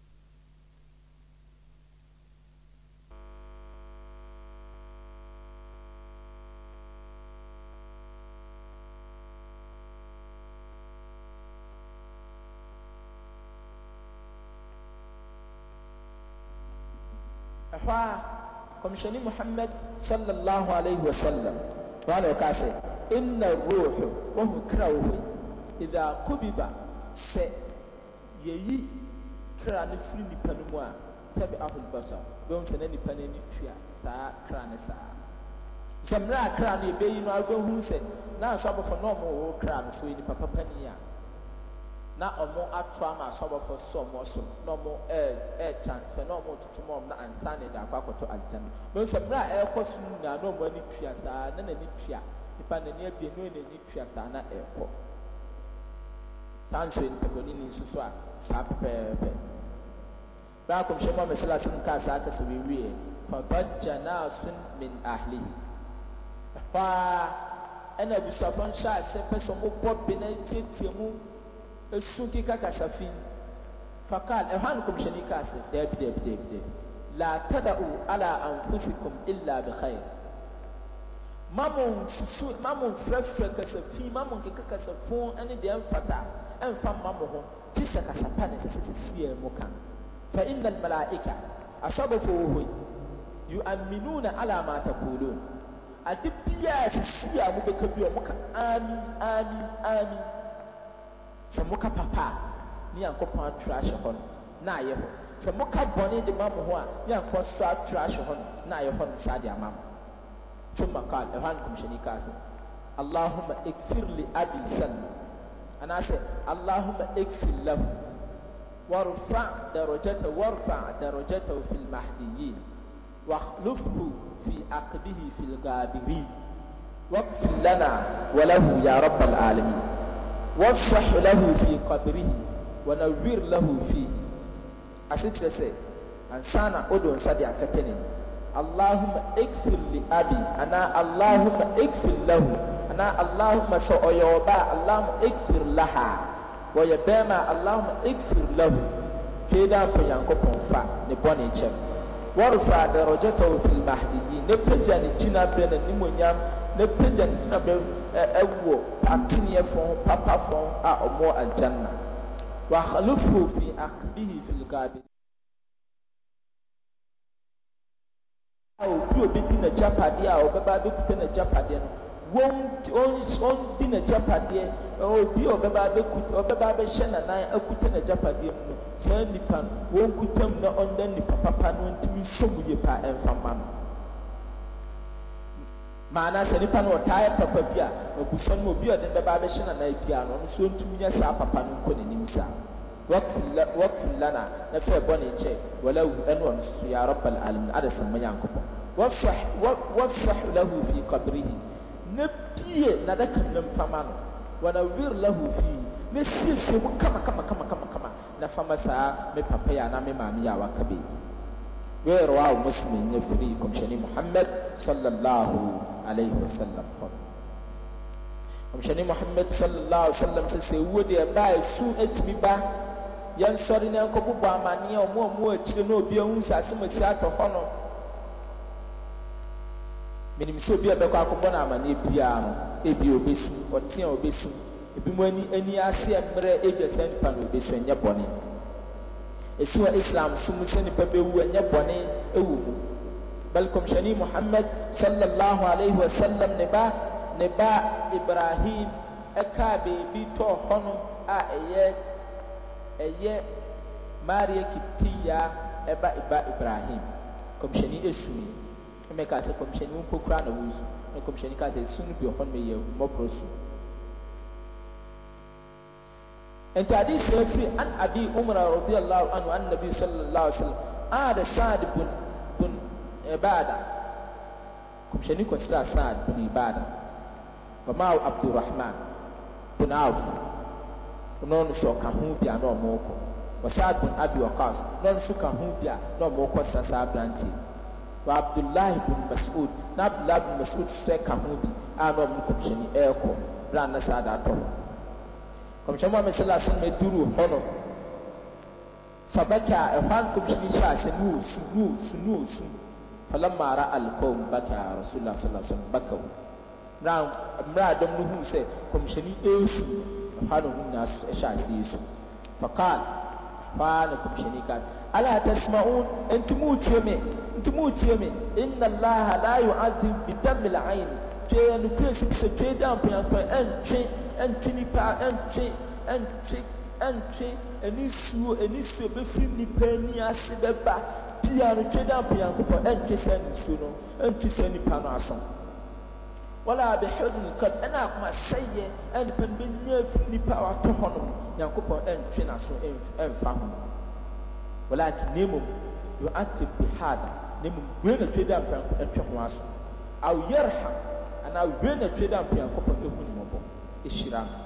hɔ a kɔmhyɛni muhammad sallallahu alayhi wa sallam wɔn na ɔka sɛ inna ruuhu wɔn kra wɔ hɔ yi idha kubiba sɛ yɛyi kra no firi nipa no mu a tɛbi aholibasa bɛn sɛ na nipa no ani tua saa kra no saa sɛ mmerɛ a kra no ebɛyi no abɛhu sɛ naa sɔ abɔfra naa ɔmo wɔ kra no so yɛ nipa papa ni a na wɔn ato ama asɔbɔfo so wɔn so na wɔn ɛɛ ɛɛ transfer na wɔn tutu wɔn na ansa eh, na ɛde akɔ akɔtɔ agyana na nso mmerɛ a ɛrekɔ so nyinaa na wɔn ani tua saa na n'ani tua nipa n'ani abie na n'ani tua saa na ɛrekɔ saa nso ntɛbɔni ni nso so a saa pɛpɛɛpɛ bɛɛ akɔmhyɛ mu a mɛsɛlɛ ase mu kaa saa kasa wiwie fabagya naaso min ahlihi ɛhɔ a ɛna abusuafo nhyɛ ase pɛ sɛ wɔbɔ bi na tietie mu esunki kaka safi fakal ɛhan kɔmhyɛni kaa sɛ daabi daabi daabi daabi la tada'u ala anfusikum illa bi khair mamu fufu mamu frɛfrɛ kasafi mamu nkeka kasafon ɛne deɛ mfata ɛnfa mamu ho gye sɛ kasapa ne sɛ sisi mu ka fa innal malaika asɔbɔfo wɔ hɔ yi yu aminuna ala ma taqulun ade biara sisi a mobɛka bi a moka amin amin amin sɛ moka papa a ne nyankopɔn atora ahyɛ hɔ no na ayɛ hɔ sɛ moka bɔne de ma mo ho a ne nyankopɔn so atora ahyɛ hɔ no na ayɛ hɔ no saa de ama mo ثم قال إهان كمشني كاسن اللهم اغفر لأبي سلمى أنا أسأل اللهم اغفر له وارفع درجته وارفع درجته في المهديين واخلفه في عقبه في الغابرين واغفر لنا وله يا رب العالمين وافتح له في قبره ونوير له فيه asekyerɛ sɛ ansa na wode nsa de akata ne mu allahuma ekfir li abi anaa allahuma ekfir lahu anaa allahuma sɛ ɔyɛ ɔba a allahuma ekfir laha wɔyɛ bɛrima a allahuma ekfir lahu hwee dɛ ampa nyankopɔn fa ne bɔne kyɛm wɔrefa adarɔgyata wɔ fil mahdiyin ne pagya ne gyina berɛ n'animonyam n'apagya ne gyina bɛm ɛwɔ akeneɛfoɔ papa papafoɔ a ɔmo agyanna w'ahalofo fi akadihi filigaabi a obi obi di n'agyapadeɛ a ɔbɛba abɛkuta n'agyapadeɛ no wɔn wɔn di n'agyapadeɛ obi a ɔbɛba abɛkuta ɔbɛba abɛhyɛ n'anan akuta n'agyapadeɛ mu no saa nipa no wɔn kuta mu na ɔnda nipa papa no ntumi nso yie paa ɛnfa ma no. maana sɛ nipa no ɔtaa papa bi a abusua no mu obi a ɔde no bɛba abɛhyɛ nana bi a ɔno nso ntumi nyɛ saa papa no nkɔ n'anim saa wɔkfin lana na fɛ bɔ ne nkyɛn wɔlɛ wu ɛne ɔno so yɛ arɔbal alim adesɛn mo yankopɔ wɔfrɛh lahu fi kɔbirihi na bie na adaka no mfama no wɔna wir lahu fi na siesie mu kama kama kama kama kama na fama saa me papa yɛ na me maame yɛ a waka beebi bẹ́ẹ̀ rawahu Muslim yẹn firi kọmṣẹ́ni Muhammad sallallahu alayhi wa sallam hàn kọmṣẹ́ni Muhammad sallallahu alayhi wa sallam sẹ̀sẹ̀ ewúwo deɛ báyìí sùn ẹ̀tìmí bá yɛn sɔre na nkɔ bubɔ amaneɛ ɔmo ɔmo akyire na obi ehu sɛ asɛm esi atɔ hɔ no obi a bɛkɔ akɔbɔ na amaneɛ biara no ebi obesu ɔteɛ obesu ebi mu ani ani ase mmerɛ ebi ɛsɛ nipa na obesu ɛnyɛ ɛsi wɔ islam so mu sɛ nipa bɛwu ɛnyɛ bɔne ɛwɔ mu bal kɔmhyɛni muhammad sallallahu alaihi wasallam ne ba ne ba ibrahim ɛkaa beebi tɔɔ hɔnom a ɛyɛ ɛyɛ mariya kitiya ɛba ɛba ibrahim kɔmhyɛni ɛsui ɛmɛ kaa sɛ kɔmhyɛni mu mpokura na wɔsu na kɔmhyɛni kaa sɛ esu no bi wɔ hɔnom ɛyɛ mmɔborɔ su nti hadisi afiri an abi umra radiyallahu anhu an nabi sallallahu alaihi wasallam ada saad bun bun ibada kumshani kwa sasa saad bun ibada wa ma abdurrahman bun auf unaona sio kahubia na omoko wa saad bun abi waqas unaona sio kahubia na omoko sasa branti wa abdullah bun mas'ud na abdullah bun mas'ud sɛ kahubi a na omoko kumshani ɛkɔ bra na saad atɔ kɔmhyɛn muhammed sallallahu alaihi wa sallam aduru hɔ no fabaka ɛhwan kɔmhyɛn hyɛ ase nuu su nuu su nuu su falamma ara alikɔm baka rasulillah sallallahu alaihi wa sallam bakaw na mmerɛ a dɔm no hu sɛ kɔmhyɛn esu ɛhwan no ho nyinaa ɛhyɛ ase esu fakaal ɛhwan no kɔmhyɛn ka ala tasma'un nti mu tie me nti mu tie me inna allaha la yu'adhib bi damil ayn twe no twe sɛ twe dan pɛn pɛn ɛntwe ɛntwe nipa ɛntwe ɛntwe ɛntwe enisuo enisuo bɛfiri nipa ani ase bɛba bia no twe dampo yankopɔ ɛntwe sɛ nisuo no ɛntwe sɛ nipa no aso wala abɛhɛdun kan ɛna akoma sɛyɛ ɛnipa no bɛnya firi nipa a watɔ hɔ no yankopɔ ɛntwe n'aso ɛnfa ho wala ati mu yɔ ati bihada nemu wei na twe dampo yankopɔ ɛtwe ho aso awo yɛrha ana wei na twe dampo yankopɔ ɛhu ne ɛhyira no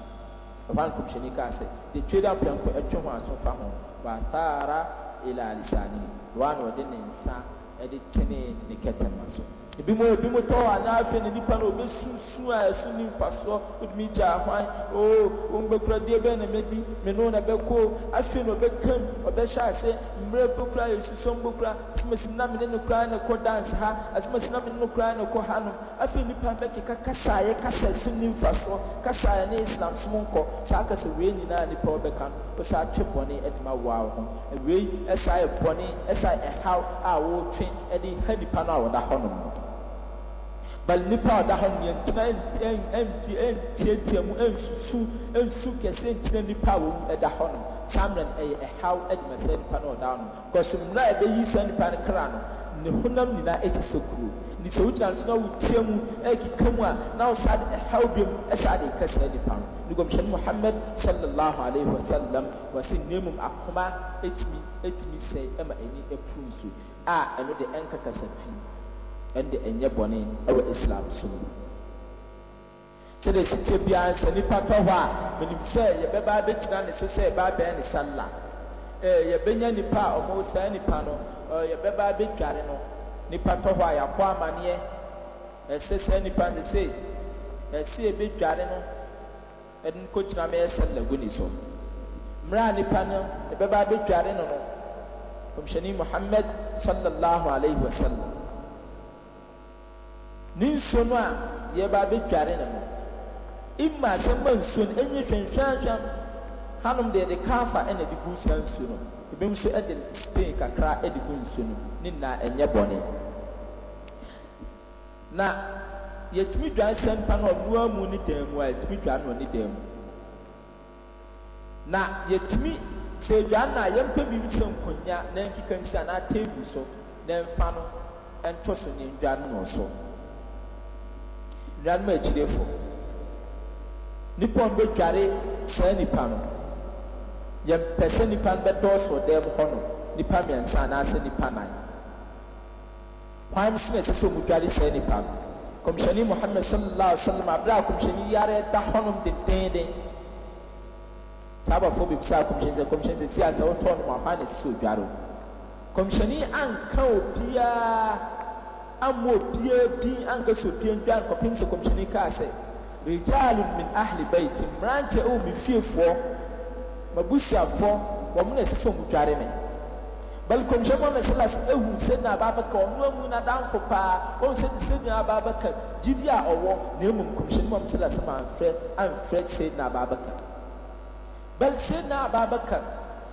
ɔhɔ nkɔmhyɛni kaa de detwe da apɛnkɔ ɛtwe ho aso fa ho wataara ila alisani wɔn a na ɔde ne nsa ɛde tene ne kɛtɛma so ebi mo ebi mo tɔ hɔ anaa afei ne nipa no obesunsun a ɛso ne nfasoɔ odumi gya ahwan oo wɔn gbɛkura deɛ bɛyɛ na mɛdi mɛnu na bɛko afei na ɔbɛkam ɔbɛhyɛ ase mmerɛ bɛkura esusɔm bɛkura asimasi na mene ne kura na kɔ dance ha asimasi na mene ne kura na kɔ ha nom afei nipa bɛkeka kasaayɛ kasa so ne nfasoɔ kasaayɛ ne islam so nkɔ saa kasa wei nyinaa nipa ɔbɛka no ɔsaa atwe bɔne ɛde ma wɔn ho wei ɛsaa ɛbɔne ɛsaa ɛhaw a wɔretwe ɛde ha nipa no a wɔda hɔ nom no ma nnipa a ɔda hɔ nneɛ ntina ntiantiantiɛ mu nsusu nsu kɛse ntina nnipa a ɛda hɔ nom saa ɛyɛ ɛhaw adwuma saa nnipa no ɔda hɔ nom kɔso mmerɛ a ɛbɛyi saa nnipa no kra no ne honam nyinaa ɛte sɛ kuro ne sɛ wogyina nso na wotie mu ɛkeka mu a na wo saa de ɛhaw biom ɛsaa de ɛka saa nnipa no ne gɔmhyɛne muhammad sallallahu alaihi wasallam wɔse nemum akoma ɛtumi ɛtumi sɛe ɛma ani apuru nso a ɛno de ɛnkakasa pii ɛde ɛnyɛ bɔne ɛwɔ islam so mu sɛdeɛ titire biara sɛ nipa tɔ hɔ a menim sɛ yɛbɛba abɛgyina ne so sɛ yɛba abɛn ne salla ɛɛ yɛbɛnya nipa a ɔmo saa nipa no ɛɛ yɛbɛba abɛdware no nipa tɔ hɔ a yɛakɔ amaneɛ ɛsɛ saa nipa sese ɛsɛ ebɛdware no ɛde no kɔgyina mɛyɛ salla gu ne so mmerɛ a nipa no yɛbɛba abɛdware no no kɔmhyɛni muhammad sallallahu alayhi wa sallam ne nsuo no a yɛba abɛdware ne ho ima asɛm a nsuo no ɛnyɛ hwɛnhwɛnhwɛn hanom deɛ de kaafa ɛna de gu saa nsuo no ebi nso ɛde stain kakra ɛde gu nsuo no ne nyinaa ɛnyɛ bɔne na yɛtumi dwa nsɛmpa no ɔnoa mu ne dan mu a yɛtumi dwa no ne dan mu na yɛtumi sɛ dwa no a yɛmpɛ biribi sɛ nkonnya na nkeka nsi anaa table so na mfa no ɛnto so ne ndwa no wɔ so nuanom agyilefo nipa a ɔbɛdware saa nipa no yɛmpɛ sɛ nipa no bɛdɔɔso dan mu hɔ no nipa mmiɛnsa anaasɛ nipa nan kwan so na ɛsɛ sɛ ɔmo dware saa nipa no kɔmhyɛni muhammed sallallahu alaihi wa sallam abira kɔmhyɛni yare da hɔnom dendeenden saabafo bi bisa kɔmhyɛni sɛ kɔmhyɛni sɛ si asɛ wotɔɔ no ahwa na ɛsɛ sɛ ɔdware o kɔmhyɛni anka obiara ama obiara din anka so obiara ntwa nkɔpem sɛ kɔmhyɛne kaa sɛ rijalun min ahli bait mmeranteɛ ɛwɔ me fiefoɔ m'abusuafoɔ wɔn na ɛsɛ sɛ wɔn dware me bali kɔmhyɛ mu amɛsɛla sɛ ehu sɛnea ababɛka ɔno amu n'adanfo paa ɔn sɛ sɛnea ababɛka gyidi a ɔwɔ na emu kɔmhyɛ mu amɛsɛla sɛ manfrɛ anfrɛ sɛnea ababɛka bali sɛnea ababɛka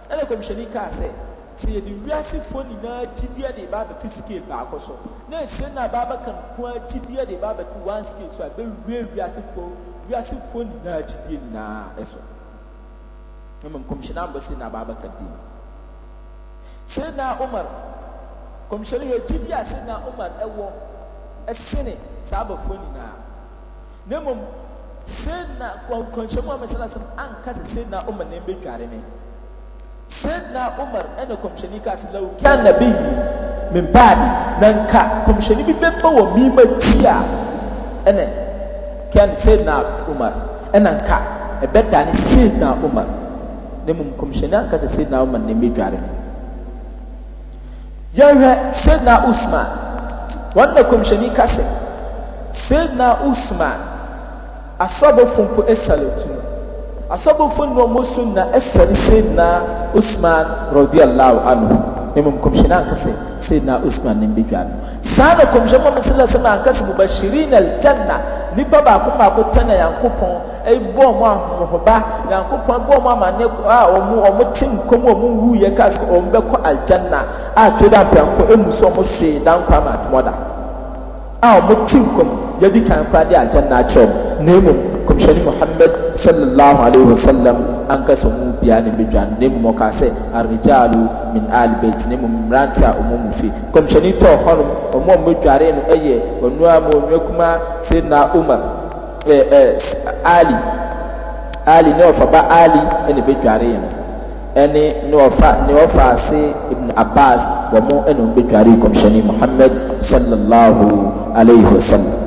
ɛna kɔmhyɛni kaa sɛ sɛ yɛde wiasefoɔ nyinaa gyidiɛ de ba abɛto scale baako so na ɛsie na ba abɛka nko ara gyidiɛ de ba abɛto one scale so eh, a bɛwie wiasefoɔ wiasefoɔ nyinaa gyidiɛ nyinaa ɛso na mmom kɔmhyɛn abɔ se na ba abɛka din sɛ na omar kɔmhyɛn yɛ gyidiɛ a sɛ na omar ɛwɔ ɛsene saa abɔfoɔ nyinaa na mmom sɛ na kɔmhyɛn mu a mɛsɛn asɛm anka sɛ sɛ na omar na ɛbɛdware me. sayyidina umar ɛna kɔmhyɛni kaa sɛ law bi nabiyyi min ba'di na nka kɔmhyɛni bi bɛba wɔ mi ma gyi a ɛna kan sayyidina umar ɛna nka ɛbɛdane sayyidina umar na mmom kɔmhyɛni anka sɛ sayyidina umar na mmɛdware no yɛhwɛ sayyidina usman wɔn na kɔmhyɛni ka sɛ sayyidina usman asɔbɔfo mpo ɛsalatu no asɔbofo no ɔmo so na ɛfɛre sayyidina usman radiyallahu anhu mmom kɔmhyɛn ankasa sayyidina usman ne mbɛdwa no saa na kɔmhyɛn mɔmɔ sɛ lasɛm ankasa mubashirin aljanna nipa baako baako tɛn na yankopɔn ɛbɔ ɔmo ahohoba yankopɔn ɛbɔ ɔmo amane a ɔmo ɔmo te nkɔm ɔmo wuyɛ kaa sɛ ɔmo bɛkɔ aljanna a to da apɛnko emu so ɔmo hwee dankwa ama atomɔda a ɔmo te nkɔm yɛdi kan koraa de aljanna akyerɛ ɔmo kɔmhyɛni muhammed sallallahu alaihi wa sallam ankasa mu bia ne bedwane ne mu ɔka sɛ arijalu min alibet ne mu mmerante a wɔn mu fi kɔmhyɛni tɔɔ hɔnom wɔn a wɔdware no yɛ wɔnua mu onua kuma sena umar ɛɛ ɛɛ ali ali ne ɔfa ba ali ne bedware yɛn ɛne ne ɔfa ne ɔfa ase ibn abbas wɔn ne wɔn bedware kɔmhyɛni muhammed sallallahu alaihi wa sallam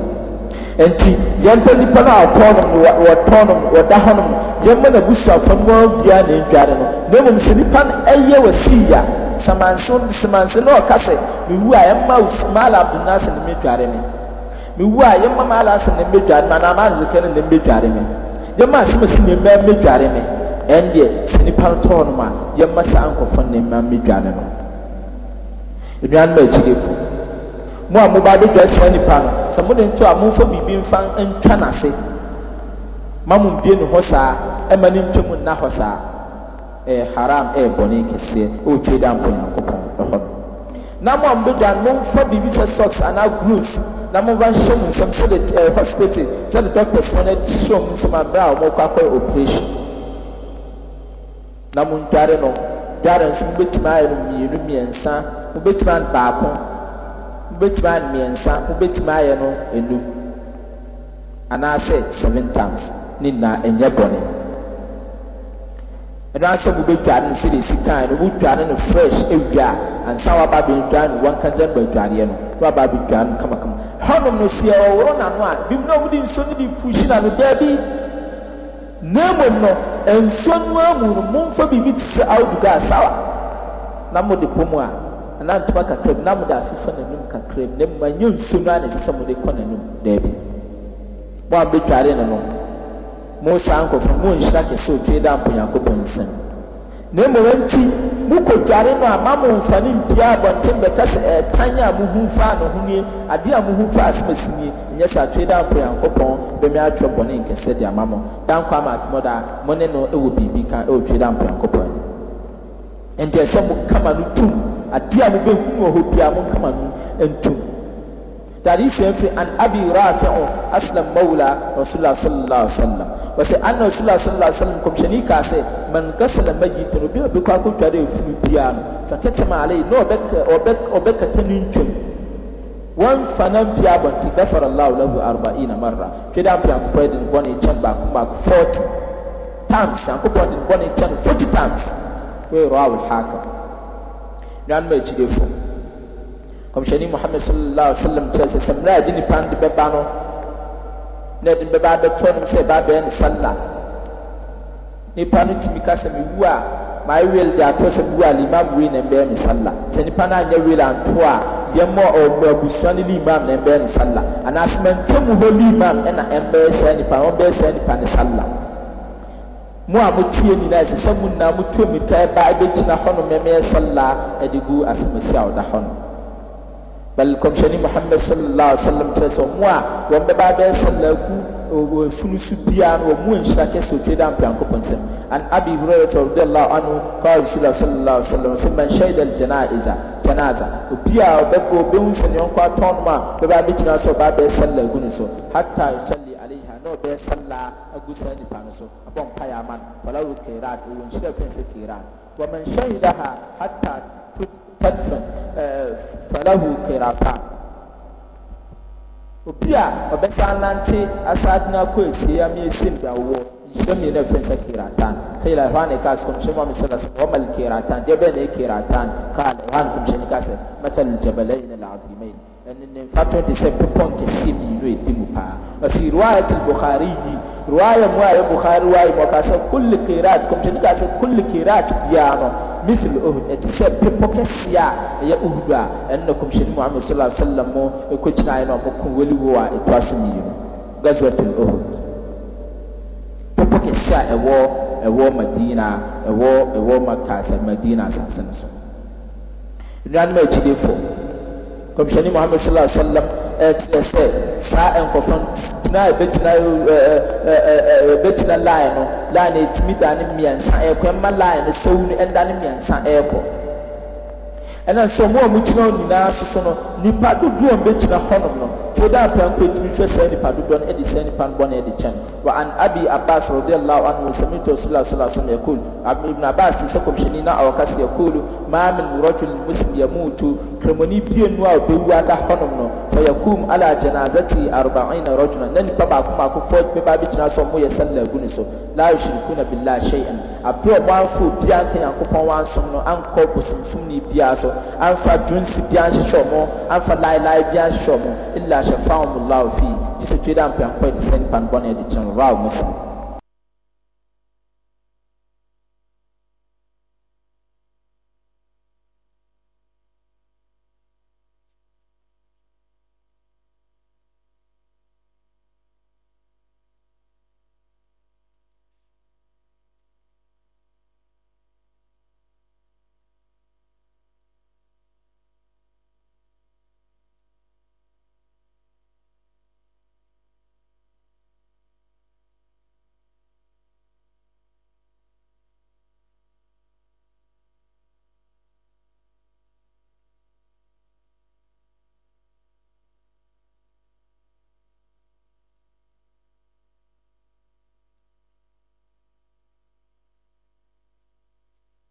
nti yɛmpɛ nipa no a ɔtɔn nom no wɔtɔn nom wɔda hɔ nom yɛmmɔ n'abusuafo no wɔn bia na ndware no na mmom sɛ nipa no ɛyɛ wasii a samanso samanso na ɔka sɛ mewu a yɛmma maala abdulnasir no mmedware me mewu a yɛmma maala asɛ no mmedware me anaa maala zikɛ no mmedware me yɛmma asemasi no mmaa mmedware me ɛndeɛ sɛ nipa no tɔn nom a yɛmma saa nkɔfo no mmaa mmedware no nnuanom agyirefo mo a moba de dwa soma nipa no sɛ mode nto a bụ biribi mfa ntwa n'ase ma mombie ne hɔ saa ɛma ne ntwam nna hɔ saa ɛyɛ haram ɛyɛ bɔne kɛseɛ ɛwɔ twe da mpo ɛhɔ no na mo a mobɛdwa no momfa biribi sɛ socks anaa glues na momfa nhyɛ mu nsɛm sɛde ɛɛ hospital sɛde doctors wɔn adi hyɛ mu nsɛm abira a wɔkɔ akɔ operation na mo ndware no dware nso mobɛtumi ayɛ no mmienu mmiɛnsa baako wobɛtumi ayɛ no mmiɛnsa wobɛtumi ayɛ no enum anaasɛ seven times ne nyinaa ɛnyɛ bɔne ɛno ahyɛ mobɛdwane no sɛdeɛ ɛsi kan no wodwane no fresh awia a ansa waba bɛdwane no wankagya no badwaneɛ no na waba bɛdwane no kamakama hɔnom no sɛ ɔworo n'ano a bim na wode nsuo no de puhyi na no daabi na no nsuo no amu no momfa biribi te sɛ awoduga asawa na mode pɔ mu a anantoma kakra mu na mode afefa n'anim kakra mu na mma nyɛ nsuo no a na ɛsɛ sɛ mode kɔ n'anim daabi mo a mbɛtware ne no mohyɛ nkɔfo monhyira kɛsɛ otwe da mponyankopɔn nsɛm na mmom nti mokɔdware no a mamo mfa ne mpia abɔnten bɛka sɛ ɛtan a mohu faa ne ho nie adeɛ a mohu faa asɛm asi nie ɛnyɛ sɛ atwe da mponyankopɔn bɛmi atwerɛ bɔne nkɛsɛ de ama mo dankɔ ama atomɔ da a mo ne no ɛwɔ biribi ka ɛwɔ twe da mponyankopɔn nti ɛsɛ mo kama no tum adeɛ a mobɛhunu wɔ hɔ biara monkama no ntom tari sɛn firi an abi rafi'u aslam maula rasulullah sallallahu alaihi wasallam wɔsɛ an rasulullah sallallahu alaihi wasallam kɔmhyɛni kaa sɛ man kasala mayitan obi a ɔbɛkɔ akɔtwa dɛ afunu biara no fa kɛtɛm alei na ɔbɛkata no ntwam wɔmfa na mpia abɔnti gafara allahu lahu arba'ina marra twɛde ampiankopɔn de ne bɔne kyɛn baako baako forty times nyankopɔn de ne bɔne kyɛn forty times wei rawal hakam nuanom akyirefo kɔmhyɛni muhammed sallallahu alaihi wa sallam kyerɛ sɛ sɛ mmerɛ a yɛde nipa no de bɛba no na yɛde bɛba abɛtɔ no sɛ ɛba abɛyɛ ne salla nipa no tumi kasa mewu a maa wil de atɔ sɛ mewu a limam wei na mbɛyɛ me salla sɛ nipa no anyɛ wil anto a yɛmmɔ ɔmɔ abusua no limam na mbɛyɛ ne salla anaasɛ mantamu hɔ limam ɛna ɛmbɛyɛ saa nipa ɔmbɛyɛ saa nipa ne salla mu a motie nyinaa ɛsɛ sɛ mu nyinaa motuo mmirika ɛba ɛbɛgyina hɔnom ɛmɛyɛ sallaa ɛde gu asemasi a ɔda hɔnom bal kɔmhyɛni muhammad sallallahu alaihi wasallam kyerɛ sɛ ɔmo a wɔn bɛba bɛyɛ sallaa gu funu so biara no wɔn mu nhyira kɛse otwe da mpiankopɔn nsɛm an abi hurairah radiyallahu anhu kɔɔ rasulillah sallallahu alaihi wasallam sɛ man shahida al janaiza janaza obi a ɔbɛbɔ obehu sɛ ne yɔnko atɔn no a bɛba bɛgyina so ɔba bɛyɛ sallaa gu ne so hatta yusalli na ɔbɛyɛ salaa agu saa nipa no so abɔ mpaeɛ ama no falawo keirat ɛwɔ nhyira fɛn sɛ keirat wɔmɛn hyɛhida ha hata tadfan ɛɛ falawo keirata obi a ɔbɛsan nante asaadena kɔ esie ama esi mu awɔ nhyira mmienu a fɛn sɛ keiratan kaila hɔ ne kaa sɔm hyɛn mu amesa la sɛ wɔmɛl keiratan deɛ bɛyɛ ne keiratan kaa hɔ ne kɔm hyɛn ne kaa sɛ mɛtɛl jabalɛ yi ne laafi mɛyi. ɛne ne mfatɔ de sɛ bepɔ nkɛseɛ mmienu ɛdi mu paa afei riwayat al-bukhari yi riwaya mu a yɛ bukhari riwaya mu ɔka sɛ kulli qirat kɔmpiɛni ka sɛ kulli qirat biara no mithl uhud ɛte sɛ bepɔ kɛseɛ a ɛyɛ uhud a ɛne na kɔmpiɛni muhammad sallallahu alaihi wasallam mo ɛkɔgyinaeɛ na ɔmɔko weliwo a ɛtoa so mmienu gazwat al-uhud bepɔ kɛseɛ a ɛwɔ ɛwɔ madina ɛwɔ ɛwɔ maka sɛ madina asase no so nnuanom akyidefo kɔmhyɛni muhammed sallallahu alaihi wa sallam ɛkyerɛ eh, sɛ saa nkɔfra tena ɛbɛtena ɛɛ ɛbɛtena eh, eh, line no line etumi da ne mmiɛnsa ɛɛkɔ ɛma line no sewu no ɛnda ne mmiɛnsa ɛɛkɔ ɛna nso wɔn a wɔn hɔ nyinaa soso no nipa dodoɔ a wɔn bɛgyina hɔnom no. foda apɛnko etumi hwɛ sɛn nipa dodoɔ no ɛde sɛn nipa no bɔ na ɛde kyɛn wa an abi abbas rɔdiyallahu anhu sami tɔ sula sula sɔm yɛkol ibn abbas ti sɛ kɔmhyɛni na ɔkasa yɛkol maame nurɔtun muslim yamutu kremoni bienu a obewu ada hɔnom no fa yakum ala janazati arba'in rɔtuna na nipa baako baako fɔ bɛba bi gyina so ɔmo yɛ sɛn lagu ne so laa yɛ shirikuna billahi shay'an abere a wɔafo obiara nka nyankopɔn wansom no ankɔ bosomsomni biara so amfa dwonsi biara nhyehyɛ ɔmo amfa laelae biara nhyehyɛ ɔmo illa hyɛfa wɔn mu law fii gye sɛ twe dɛ ampɛnkɔ de sɛ nipa no bɔne ɛde kyɛn wɔn a wɔn si.